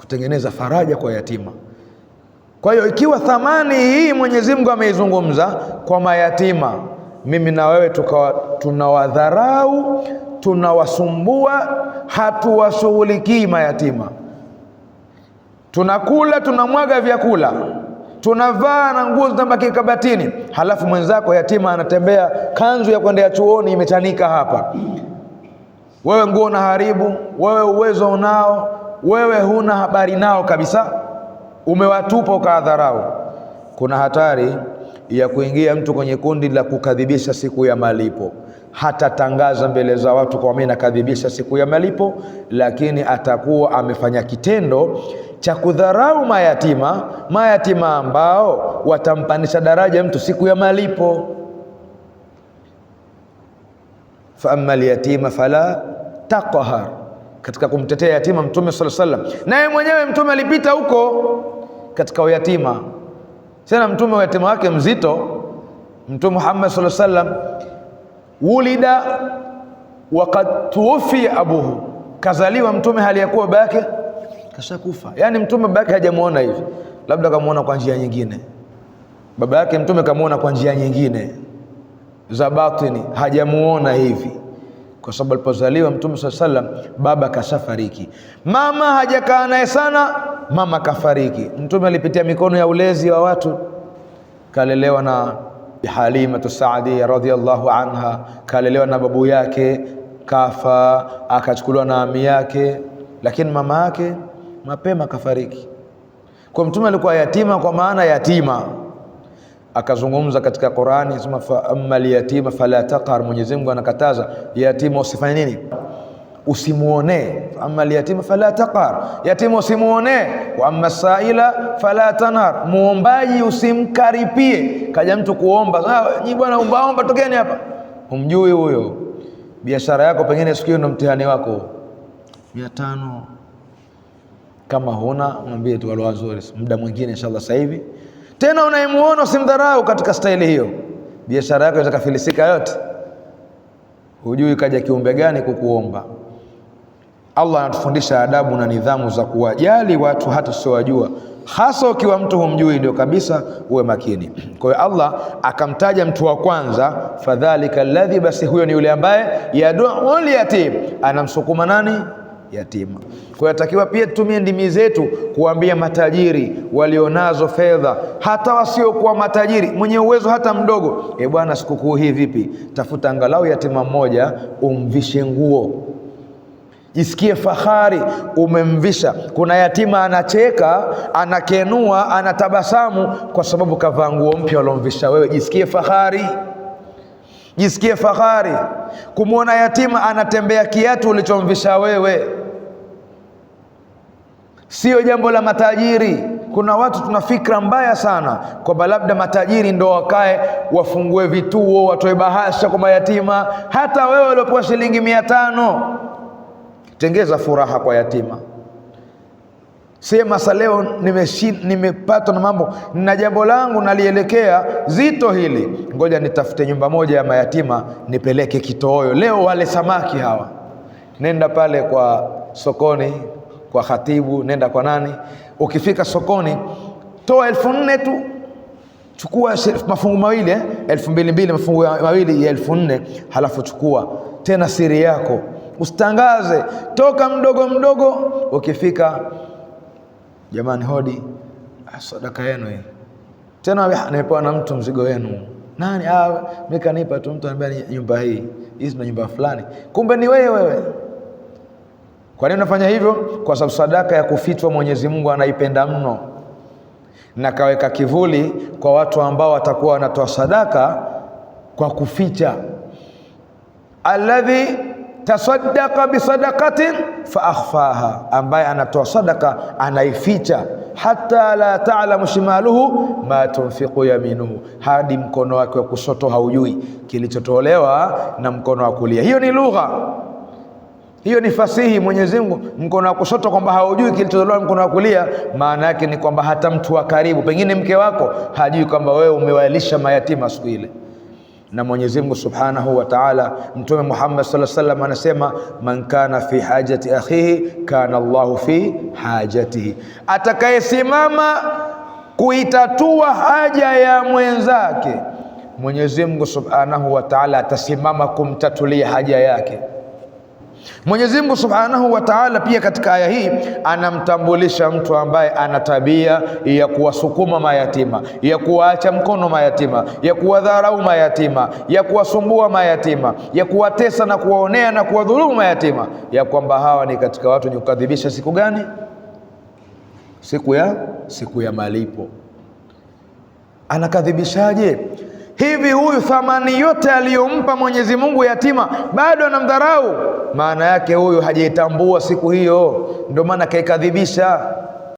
kutengeneza faraja kwa yatima. Kwa hiyo ikiwa thamani hii Mwenyezi Mungu ameizungumza kwa mayatima, mimi na wewe tukawa tunawadharau, tunawasumbua, hatuwashughulikii mayatima, tunakula tunamwaga vyakula tunavaa na nguo zinabaki kabatini, halafu mwenzako yatima anatembea kanzu ya kwenda chuoni imechanika hapa. Wewe nguo unaharibu, wewe uwezo unao, wewe huna habari nao kabisa, umewatupa ukaadharau. Kuna hatari ya kuingia mtu kwenye kundi la kukadhibisha siku ya malipo. Hatatangaza mbele za watu kwa mimi nakadhibisha siku ya malipo, lakini atakuwa amefanya kitendo cha kudharau mayatima, mayatima ambao watampanisha daraja mtu siku ya malipo. Fa amma alyatima fala taqhar katika kumtetea yatima Mtume sala alaihi naye mwenyewe Mtume alipita huko katika uyatima. Tena Mtume uyatima wake mzito, Mtume Muhammad sala salam wulida wakad tuwufia abuhu, kazaliwa Mtume hali ya kuwa baba yake kashakufa. Yani Mtume baba yake hajamuona hivi, labda kamuona kwa njia nyingine, baba yake Mtume kamuona kwa njia nyingine za batini, hajamuona hivi kwa sababu alipozaliwa Mtume saa salam baba kashafariki, mama hajakaa naye sana, mama kafariki. Mtume alipitia mikono ya ulezi wa watu, kalelewa na Halimatu Saadi radhiallahu anha, kalelewa na babu yake, kafa akachukuliwa na ami yake, lakini mama yake mapema kafariki. Kwa Mtume alikuwa yatima, kwa maana yatima akazungumza katika Qur'ani, sema fa ammal yatima fala taqhar. Mwenyezi Mungu anakataza yatima usifanye nini? Usimuone. Amma alyatima fala taqhar, yatima usimuone. Wa amma saila fala tanar, muombaji usimkaripie. Kaja mtu kuomba, ah, nyinyi bwana omba omba, tokeni hapa. Humjui huyo. Biashara yako pengine siku hiyo ndo mtihani wako, mia tano. Kama huna mwambie tu, wazuri, muda mwingine inshallah. Sasa hivi tena unayemuona usimdharau katika staili hiyo, biashara yako itakafilisika yote. Hujui kaja kiumbe gani kukuomba. Allah anatufundisha adabu na nidhamu za kuwajali watu hata usiowajua, hasa ukiwa mtu humjui, ndio kabisa uwe makini. Kwa hiyo Allah akamtaja mtu wa kwanza, fadhalika alladhi, basi huyo ni yule ambaye yadul yatim, anamsukuma nani yatima. Kwa hiyo atakiwa pia tutumie ndimi zetu kuambia matajiri walionazo fedha, hata wasiokuwa matajiri, mwenye uwezo hata mdogo, e bwana, sikukuu hii vipi? Tafuta angalau yatima mmoja umvishe nguo, jisikie fahari umemvisha. Kuna yatima anacheka, anakenua, anatabasamu kwa sababu kavaa nguo mpya walomvisha wewe, jisikie fahari jisikie fahari kumwona yatima anatembea kiatu ulichomvisha wewe. Sio jambo la matajiri. Kuna watu tuna fikra mbaya sana kwamba labda matajiri ndo wakae wafungue vituo watoe bahasha kwa mayatima. Hata wewe uliopewa shilingi mia tano tengeza furaha kwa yatima. Sema sa leo nimepatwa na mambo na jambo langu nalielekea zito hili, ngoja nitafute nyumba moja ya mayatima nipeleke kitooyo leo wale samaki hawa. Nenda pale kwa sokoni kwa khatibu, nenda kwa nani. Ukifika sokoni, toa elfu nne tu, chukua mafungu mawili eh, elfu mbili mbili, mafungu mawili ya elfu nne halafu chukua tena siri yako, usitangaze, toka mdogo mdogo. Ukifika jamani, hodi, ah, sadaka yenu hii. Tena ah, nimepewa na mtu mzigo wenu nani? Ah, mimi kanipa tu, mtu anambia nyumba hii hizi na nyumba fulani, kumbe ni wewe wewe kwa nini unafanya hivyo? Kwa sababu sadaka ya kufichwa Mwenyezi Mungu anaipenda mno, na kaweka kivuli kwa watu ambao watakuwa wanatoa sadaka kwa kuficha. Alladhi tasaddaqa bisadaqatin fa akhfaha, ambaye anatoa sadaka anaificha, hata la taalamu shimaluhu ma tunfiqu yaminuhu, hadi mkono wake wa kushoto haujui kilichotolewa na mkono wa kulia. Hiyo ni lugha hiyo ni fasihi Mwenyezi Mungu. Mkono wa kushoto kwamba haujui kilichotolewa mkono wa kulia, maana yake ni kwamba hata mtu wa karibu, pengine mke wako, hajui kwamba wewe umewalisha mayatima siku ile. Na Mwenyezi Mungu Subhanahu wa Ta'ala, Mtume Muhammad sallallahu alaihi wasallam anasema, man kana fi hajati akhihi kana Allahu fi hajatihi, atakayesimama kuitatua haja ya mwenzake, Mwenyezi Mungu Subhanahu wa Ta'ala atasimama kumtatulia haja yake. Mwenyezi Mungu Subhanahu wa Ta'ala pia katika aya hii anamtambulisha mtu ambaye ana tabia ya kuwasukuma mayatima, ya kuwaacha mkono mayatima, ya kuwadharau mayatima, ya kuwasumbua mayatima, ya kuwatesa na kuwaonea na kuwadhulumu mayatima, ya kwamba hawa ni katika watu wenye kukadhibisha siku gani? Siku ya siku ya malipo. Anakadhibishaje? Hivi huyu thamani yote aliyompa Mwenyezi Mungu yatima bado anamdharau? maana yake huyu hajaitambua siku hiyo, ndio maana kaikadhibisha.